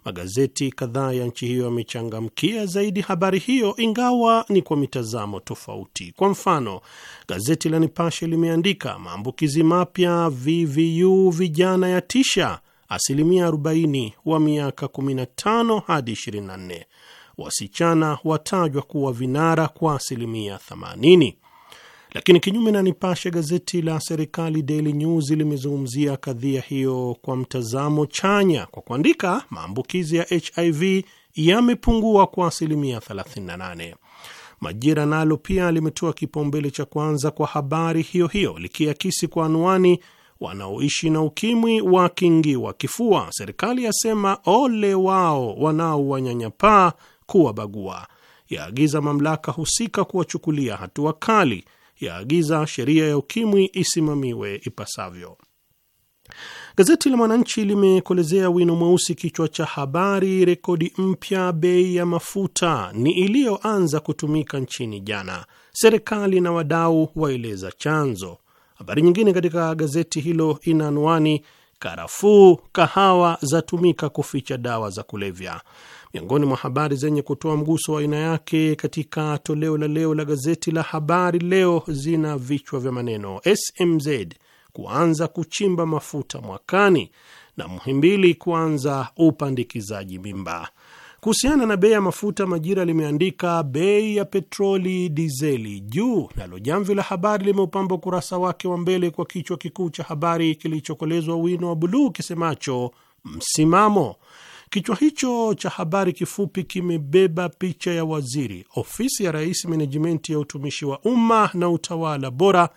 magazeti kadhaa ya nchi hiyo yamechangamkia zaidi habari hiyo, ingawa ni kwa mitazamo tofauti. Kwa mfano, gazeti la Nipashe limeandika maambukizi mapya VVU vijana ya tisha asilimia 40 wa miaka 15 hadi 24 wasichana watajwa kuwa vinara kwa asilimia 80. Lakini kinyume na Nipashe, gazeti la serikali Daily News limezungumzia kadhia hiyo kwa mtazamo chanya kwa kuandika, maambukizi ya HIV yamepungua kwa asilimia 38. Majira nalo pia limetoa kipaumbele cha kwanza kwa habari hiyo hiyo likiakisi kwa anwani, wanaoishi na ukimwi wakingiwa kifua, serikali yasema ole wao wanaowanyanyapaa kuwabagua, yaagiza mamlaka husika kuwachukulia hatua kali, yaagiza sheria ya ukimwi isimamiwe ipasavyo. Gazeti la Mwananchi limekolezea wino mweusi kichwa cha habari, rekodi mpya bei ya mafuta ni iliyoanza kutumika nchini jana, serikali na wadau waeleza chanzo. Habari nyingine katika gazeti hilo ina anwani, karafuu kahawa zatumika kuficha dawa za kulevya. Miongoni mwa habari zenye kutoa mguso wa aina yake katika toleo la leo la gazeti la Habari Leo zina vichwa vya maneno SMZ kuanza kuchimba mafuta mwakani na Muhimbili kuanza upandikizaji mimba. Kuhusiana na bei ya mafuta, Majira limeandika bei ya petroli dizeli juu. Nalo Jamvi la Habari limeupamba ukurasa wake wa mbele kwa kichwa kikuu cha habari kilichokolezwa wino wa buluu kisemacho msimamo Kichwa hicho cha habari kifupi kimebeba picha ya waziri ofisi ya rais menejimenti ya utumishi wa umma na utawala bora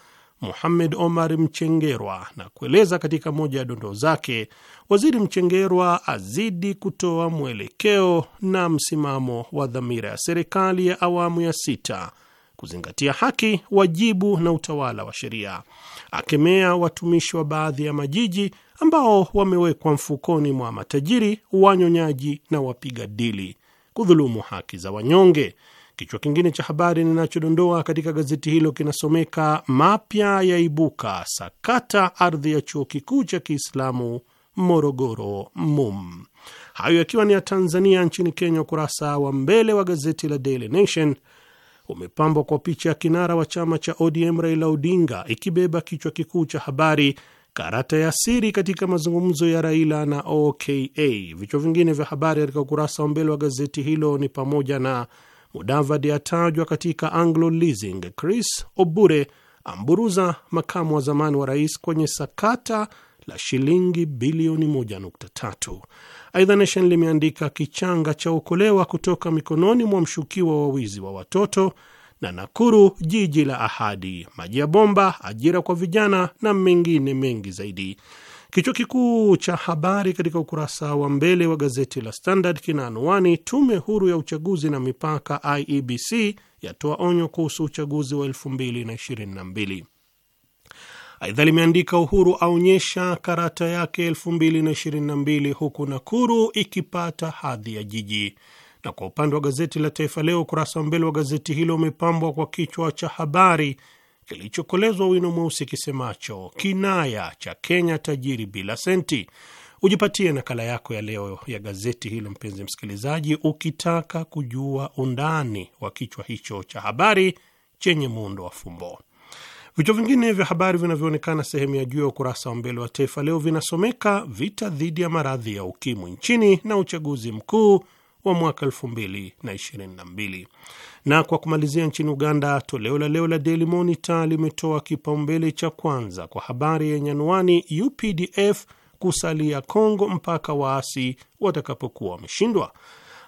muhammed Omar Mchengerwa na kueleza katika moja ya dondoo zake, waziri Mchengerwa azidi kutoa mwelekeo na msimamo wa dhamira ya serikali ya awamu ya sita kuzingatia haki, wajibu na utawala wa sheria. Akemea watumishi wa baadhi ya majiji ambao wamewekwa mfukoni mwa matajiri, wanyonyaji na wapiga dili, kudhulumu haki za wanyonge. Kichwa kingine cha habari ninachodondoa katika gazeti hilo kinasomeka mapya yaibuka, sakata ardhi ya chuo kikuu cha Kiislamu Morogoro MUM. Hayo yakiwa ni ya Tanzania. Nchini Kenya, ukurasa wa mbele wa gazeti la Daily Nation umepambwa kwa picha ya kinara wa chama cha ODM Raila Odinga, ikibeba kichwa kikuu cha habari karata ya siri katika mazungumzo ya Raila na OKA. Vichwa vingine vya habari katika ukurasa wa mbele wa gazeti hilo ni pamoja na Mudavadi atajwa katika Anglo Leasing, Chris Obure amburuza makamu wa zamani wa rais kwenye sakata la shilingi bilioni 1.3. Aidha, Nation limeandika kichanga cha okolewa kutoka mikononi mwa mshukiwa wa wizi wa watoto na Nakuru jiji la ahadi, maji ya bomba, ajira kwa vijana na mengine mengi zaidi. Kichwa kikuu cha habari katika ukurasa wa mbele wa gazeti la Standard kina anwani tume huru ya uchaguzi na mipaka IEBC yatoa onyo kuhusu uchaguzi wa 2022. Aidha limeandika Uhuru aonyesha karata yake 2022 huku Nakuru ikipata hadhi ya jiji. Na kwa upande wa gazeti la Taifa Leo, ukurasa wa mbele wa gazeti hilo umepambwa kwa kichwa cha habari kilichokolezwa wino mweusi kisemacho kinaya cha Kenya tajiri bila senti. Ujipatie nakala yako ya leo ya gazeti hilo, mpenzi msikilizaji, ukitaka kujua undani wa kichwa hicho cha habari chenye muundo wa fumbo. Vichwa vingine vya habari vinavyoonekana sehemu ya juu ya ukurasa wa mbele wa Taifa Leo vinasomeka vita dhidi ya maradhi ya ukimwi nchini na uchaguzi mkuu wa mwaka 2022. Na kwa kumalizia, nchini Uganda, toleo la leo la Daily Monitor limetoa kipaumbele cha kwanza kwa habari yenye anwani UPDF kusalia Kongo mpaka waasi watakapokuwa wameshindwa.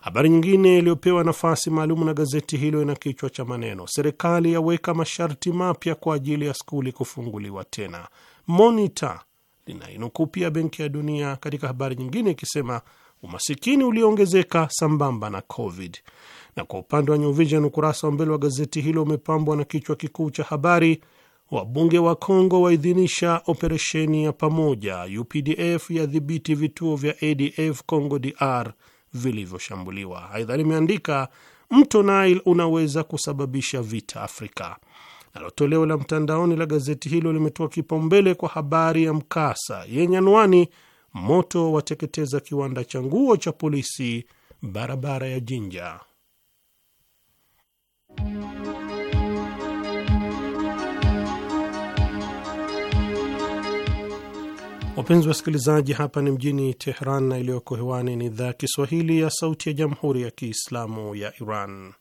Habari nyingine iliyopewa nafasi maalum na gazeti hilo ina kichwa cha maneno serikali yaweka masharti mapya kwa ajili ya skuli kufunguliwa tena. Monitor linainukuu pia Benki ya Dunia katika habari nyingine ikisema umasikini ulioongezeka sambamba na COVID. Na kwa upande wa New Vision, ukurasa wa mbele wa gazeti hilo umepambwa na kichwa kikuu cha habari, wabunge wa Kongo waidhinisha operesheni ya pamoja, UPDF yadhibiti vituo vya ADF Congo DR vilivyoshambuliwa. Aidha limeandika mto Nile unaweza kusababisha vita Afrika. Nalo toleo la mtandaoni la gazeti hilo limetoa kipaumbele kwa habari ya mkasa yenye anwani moto wateketeza kiwanda cha nguo cha polisi barabara ya Jinja. Wapenzi wasikilizaji, hapa ni mjini teheran na iliyoko hewani ni idhaa ya Kiswahili ya Sauti ya Jamhuri ya Kiislamu ya Iran.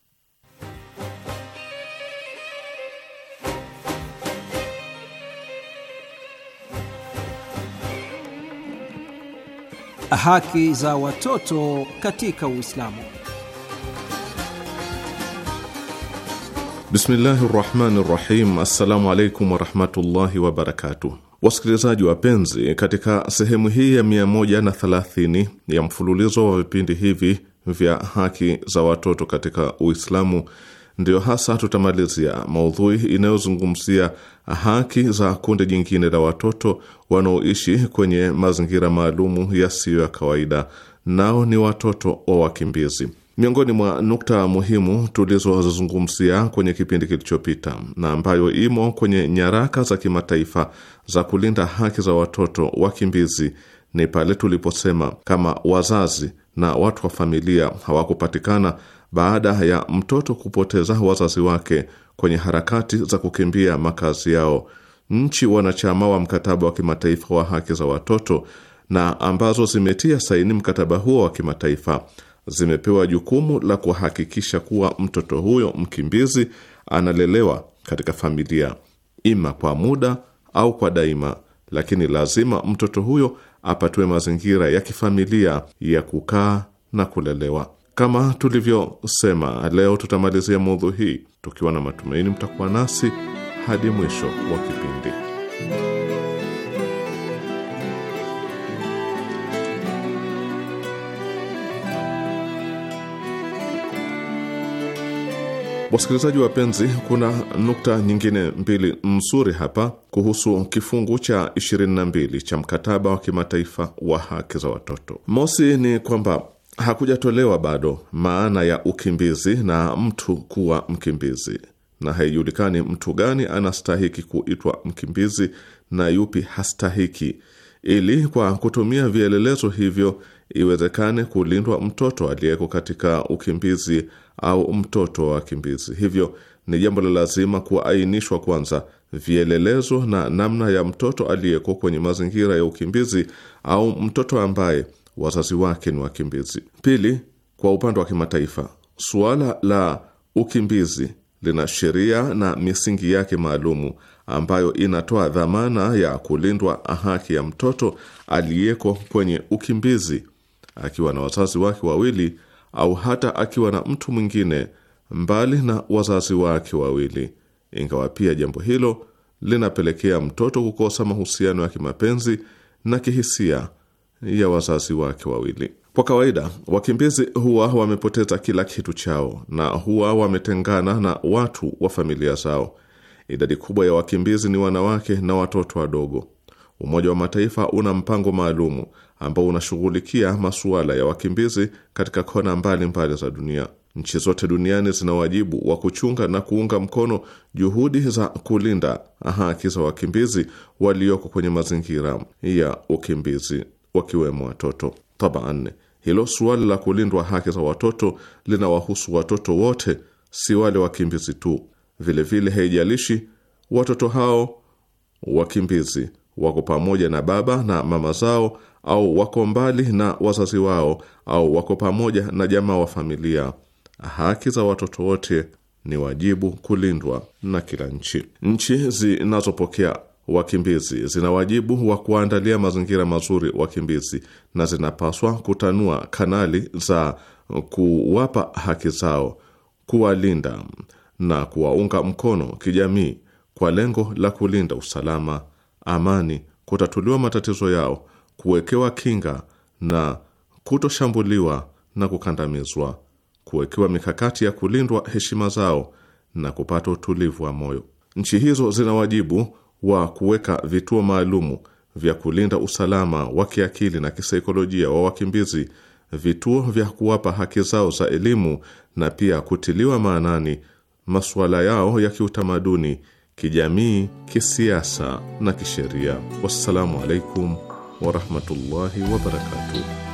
Haki za watoto katika Uislamu. Bismillahi rahmani rahim. Assalamu alaikum warahmatullahi wabarakatuh. Wasikilizaji wapenzi, katika sehemu hii ya 130 ya mfululizo wa vipindi hivi vya haki za watoto katika Uislamu, ndiyo hasa tutamalizia maudhui inayozungumzia haki za kundi jingine la watoto wanaoishi kwenye mazingira maalumu yasiyo ya kawaida, nao ni watoto wa wakimbizi. Miongoni mwa nukta muhimu tulizozungumzia kwenye kipindi kilichopita na ambayo imo kwenye nyaraka za kimataifa za kulinda haki za watoto wakimbizi ni pale tuliposema, kama wazazi na watu wa familia hawakupatikana baada ya mtoto kupoteza wazazi wake kwenye harakati za kukimbia makazi yao nchi wanachama wa mkataba wa kimataifa wa haki za watoto na ambazo zimetia saini mkataba huo wa kimataifa zimepewa jukumu la kuhakikisha kuwa mtoto huyo mkimbizi analelewa katika familia ima kwa muda au kwa daima, lakini lazima mtoto huyo apatiwe mazingira ya kifamilia ya kukaa na kulelewa. Kama tulivyosema, leo tutamalizia mada hii tukiwa na matumaini mtakuwa nasi hadi mwisho wa kipindi. Wasikilizaji wapenzi, kuna nukta nyingine mbili nzuri hapa kuhusu kifungu cha 22 cha mkataba wa kimataifa wa haki za watoto. Mosi ni kwamba hakujatolewa bado maana ya ukimbizi na mtu kuwa mkimbizi, na haijulikani mtu gani anastahiki kuitwa mkimbizi na yupi hastahiki, ili kwa kutumia vielelezo hivyo iwezekane kulindwa mtoto aliyeko katika ukimbizi au mtoto wa wakimbizi. Hivyo ni jambo la lazima kuainishwa kwanza vielelezo na namna ya mtoto aliyeko kwenye mazingira ya ukimbizi au mtoto ambaye wazazi wake ni wakimbizi. Pili, kwa upande wa kimataifa, suala la ukimbizi lina sheria na misingi yake maalumu ambayo inatoa dhamana ya kulindwa haki ya mtoto aliyeko kwenye ukimbizi akiwa na wazazi wake wawili au hata akiwa na mtu mwingine mbali na wazazi wake wawili, ingawa pia jambo hilo linapelekea mtoto kukosa mahusiano ya kimapenzi na kihisia ya wazazi wake wawili. Kwa kawaida wakimbizi huwa wamepoteza kila kitu chao na huwa wametengana na watu wa familia zao. Idadi kubwa ya wakimbizi ni wanawake na watoto wadogo. Umoja wa Mataifa una mpango maalumu ambao unashughulikia masuala ya wakimbizi katika kona mbalimbali mbali za dunia. Nchi zote duniani zina wajibu wa kuchunga na kuunga mkono juhudi za kulinda haki za wakimbizi walioko kwenye mazingira ya ukimbizi wakiwemo watoto tabaan. Hilo suala la kulindwa haki za watoto linawahusu watoto wote, si wale wakimbizi tu. Vilevile haijalishi watoto hao wakimbizi wako pamoja na baba na mama zao au wako mbali na wazazi wao au wako pamoja na jamaa wa familia. Haki za watoto wote ni wajibu kulindwa na kila nchi. Nchi zinazopokea wakimbizi zina wajibu wa kuandalia mazingira mazuri wakimbizi na zinapaswa kutanua kanali za kuwapa haki zao, kuwalinda na kuwaunga mkono kijamii kwa lengo la kulinda usalama, amani, kutatuliwa matatizo yao, kuwekewa kinga na kutoshambuliwa na kukandamizwa, kuwekewa mikakati ya kulindwa heshima zao na kupata utulivu wa moyo. Nchi hizo zina wajibu wa kuweka vituo maalumu vya kulinda usalama wa kiakili na kisaikolojia wa wakimbizi, vituo vya kuwapa haki zao za elimu na pia kutiliwa maanani masuala yao ya kiutamaduni, kijamii, kisiasa na kisheria. Wassalamu alaikum warahmatullahi wabarakatuh.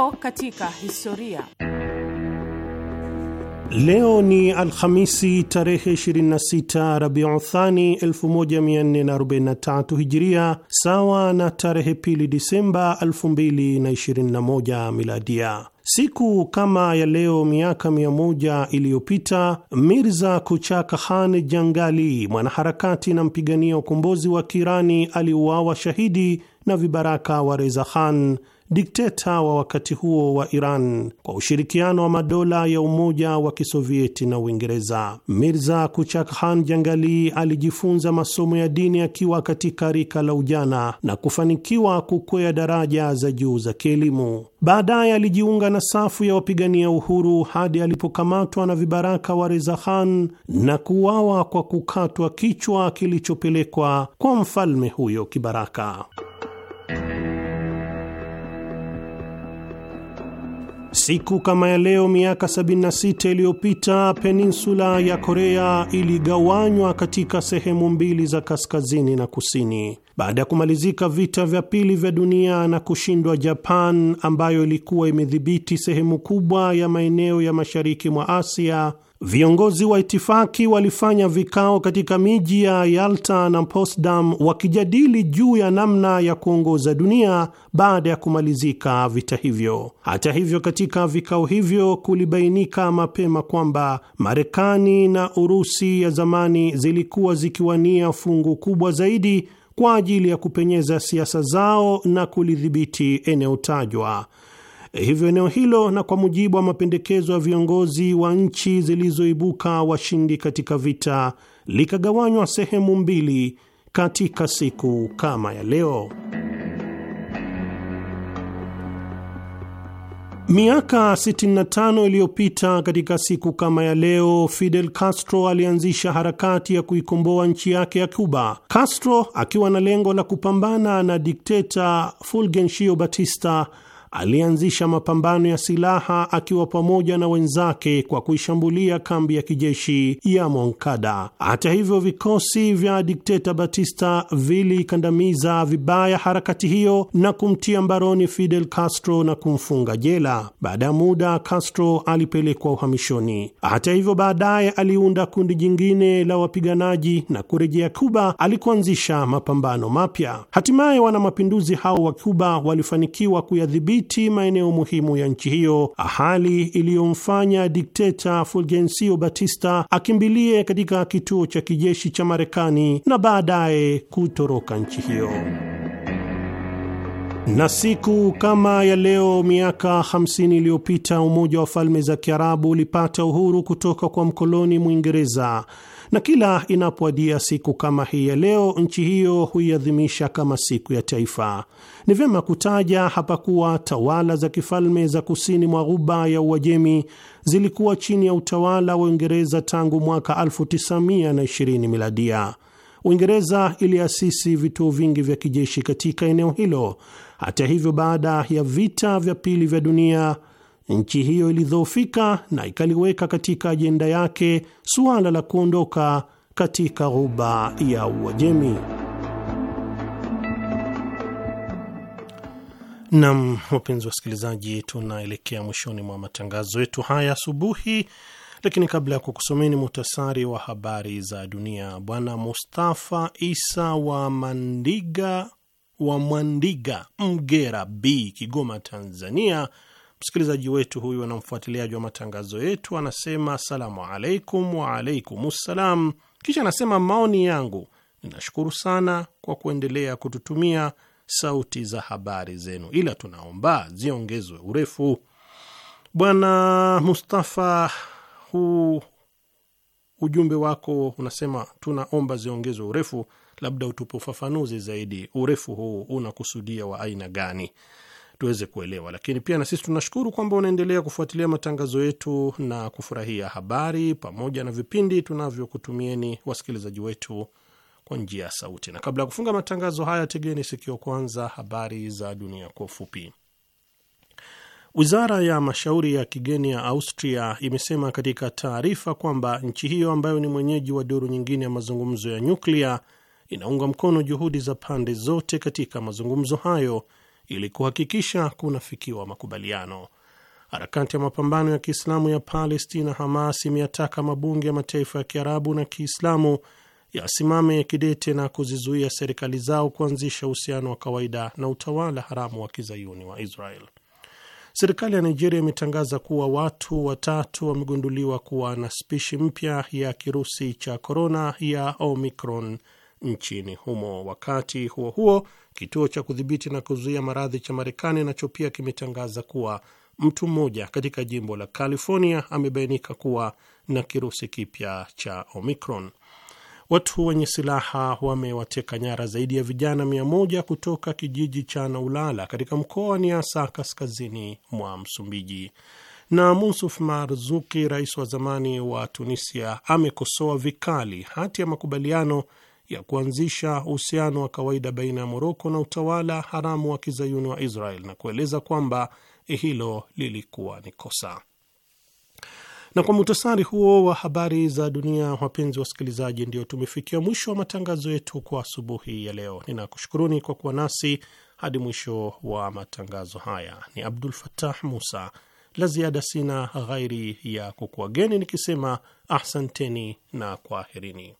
Leo katika historia. Leo ni Alhamisi tarehe 26 Rabiuthani 1443 Hijiria, sawa na tarehe pili Disemba 2021 Miladia. Siku kama ya leo miaka mia moja iliyopita Mirza Kuchaka Khan Jangali, mwanaharakati na mpigania ukombozi wa Kirani, aliuawa shahidi na vibaraka wa Reza Khan dikteta wa wakati huo wa Iran kwa ushirikiano wa madola ya Umoja wa Kisovieti na Uingereza. Mirza Kuchak Khan Jangali alijifunza masomo ya dini akiwa katika rika la ujana na kufanikiwa kukwea daraja za juu za kielimu. Baadaye alijiunga na safu ya wapigania uhuru hadi alipokamatwa na vibaraka wa Reza Khan na kuuawa kwa kukatwa kichwa kilichopelekwa kwa mfalme huyo kibaraka. Siku kama ya leo miaka 76 iliyopita peninsula ya Korea iligawanywa katika sehemu mbili za kaskazini na kusini. Baada ya kumalizika vita vya pili vya dunia na kushindwa Japan ambayo ilikuwa imedhibiti sehemu kubwa ya maeneo ya mashariki mwa Asia Viongozi wa itifaki walifanya vikao katika miji ya Yalta na Potsdam wakijadili juu ya namna ya kuongoza dunia baada ya kumalizika vita hivyo. Hata hivyo, katika vikao hivyo kulibainika mapema kwamba Marekani na Urusi ya zamani zilikuwa zikiwania fungu kubwa zaidi kwa ajili ya kupenyeza siasa zao na kulidhibiti eneo tajwa hivyo eneo hilo, na kwa mujibu wa mapendekezo ya viongozi wa nchi zilizoibuka washindi katika vita, likagawanywa sehemu mbili katika siku kama ya leo. Miaka 65 iliyopita katika siku kama ya leo, Fidel Castro alianzisha harakati ya kuikomboa nchi yake ya Cuba. Castro akiwa na lengo la kupambana na dikteta Fulgencio Batista alianzisha mapambano ya silaha akiwa pamoja na wenzake kwa kuishambulia kambi ya kijeshi ya Moncada. Hata hivyo, vikosi vya dikteta Batista vilikandamiza vibaya harakati hiyo na kumtia mbaroni Fidel Castro na kumfunga jela. Baada ya muda, Castro alipelekwa uhamishoni. Hata hivyo, baadaye aliunda kundi jingine la wapiganaji na kurejea Cuba alikuanzisha mapambano mapya. Hatimaye wanamapinduzi hao wa Cuba walifanikiwa kuyadhibiti kudhibiti maeneo muhimu ya nchi hiyo, hali iliyomfanya dikteta Fulgencio Batista akimbilie katika kituo cha kijeshi cha Marekani na baadaye kutoroka nchi hiyo na siku kama ya leo miaka 50 iliyopita Umoja wa Falme za Kiarabu ulipata uhuru kutoka kwa mkoloni Mwingereza na kila inapoadia siku kama hii ya leo, nchi hiyo huiadhimisha kama siku ya taifa. Ni vyema kutaja hapa kuwa tawala za kifalme za kusini mwa ghuba ya Uajemi zilikuwa chini ya utawala wa Uingereza tangu mwaka 1920 miladia. Uingereza iliasisi vituo vingi vya kijeshi katika eneo hilo. Hata hivyo, baada ya vita vya pili vya dunia Nchi hiyo ilidhoofika na ikaliweka katika ajenda yake suala la kuondoka katika ghuba ya Uajemi. Nam, wapenzi wasikilizaji, tunaelekea mwishoni mwa matangazo yetu haya asubuhi, lakini kabla ya kukusomeni muhtasari wa habari za dunia, Bwana Mustafa Isa wa Mandiga wa Mwandiga Mgera B, Kigoma, Tanzania Msikilizaji wetu huyu na mfuatiliaji wa matangazo yetu anasema asalamu alaikum. ssalam. Kisha anasema maoni yangu, ninashukuru sana kwa kuendelea kututumia sauti za habari zenu, ila tunaomba ziongezwe urefu. Bwana Mustafa, huu ujumbe wako unasema tunaomba ziongezwe urefu, labda utupe ufafanuzi zaidi, urefu huu unakusudia wa aina gani? tuweze kuelewa. Lakini pia na sisi tunashukuru kwamba unaendelea kufuatilia matangazo yetu na kufurahia habari pamoja na vipindi tunavyokutumieni wasikilizaji wetu kwa njia ya sauti. Na kabla ya kufunga matangazo haya, tegeni sikio kwanza habari za dunia kwa ufupi. Wizara ya mashauri ya kigeni ya Austria imesema katika taarifa kwamba nchi hiyo ambayo ni mwenyeji wa duru nyingine ya mazungumzo ya nyuklia inaunga mkono juhudi za pande zote katika mazungumzo hayo ili kuhakikisha kunafikiwa makubaliano. Harakati ya mapambano ya Kiislamu ya Palestina, Hamas, imeyataka mabunge ya mataifa ya Kiarabu na Kiislamu yasimame ya kidete na kuzizuia serikali zao kuanzisha uhusiano wa kawaida na utawala haramu wa kizayuni wa Israel. Serikali ya Nigeria imetangaza kuwa watu watatu wamegunduliwa kuwa na spishi mpya ya kirusi cha korona ya Omicron nchini humo. Wakati huo huo, kituo cha kudhibiti na kuzuia maradhi cha Marekani nacho pia kimetangaza kuwa mtu mmoja katika jimbo la California amebainika kuwa na kirusi kipya cha Omicron. Watu wenye silaha wamewateka nyara zaidi ya vijana mia moja kutoka kijiji cha Naulala katika mkoa wa Niasa kaskazini mwa Msumbiji. Na Munsuf Marzuki, rais wa zamani wa Tunisia, amekosoa vikali hati ya makubaliano ya kuanzisha uhusiano wa kawaida baina ya Moroko na utawala haramu wa kizayuni wa Israel na kueleza kwamba hilo lilikuwa ni kosa. Na kwa muhtasari huo wa habari za dunia, wapenzi wasikilizaji, ndio tumefikia mwisho wa matangazo yetu kwa asubuhi ya leo. Ninakushukuruni kwa kuwa nasi hadi mwisho wa matangazo haya. Ni Abdul fatah Musa. La ziada sina ghairi ya kukuageni nikisema ahsanteni na kwaherini.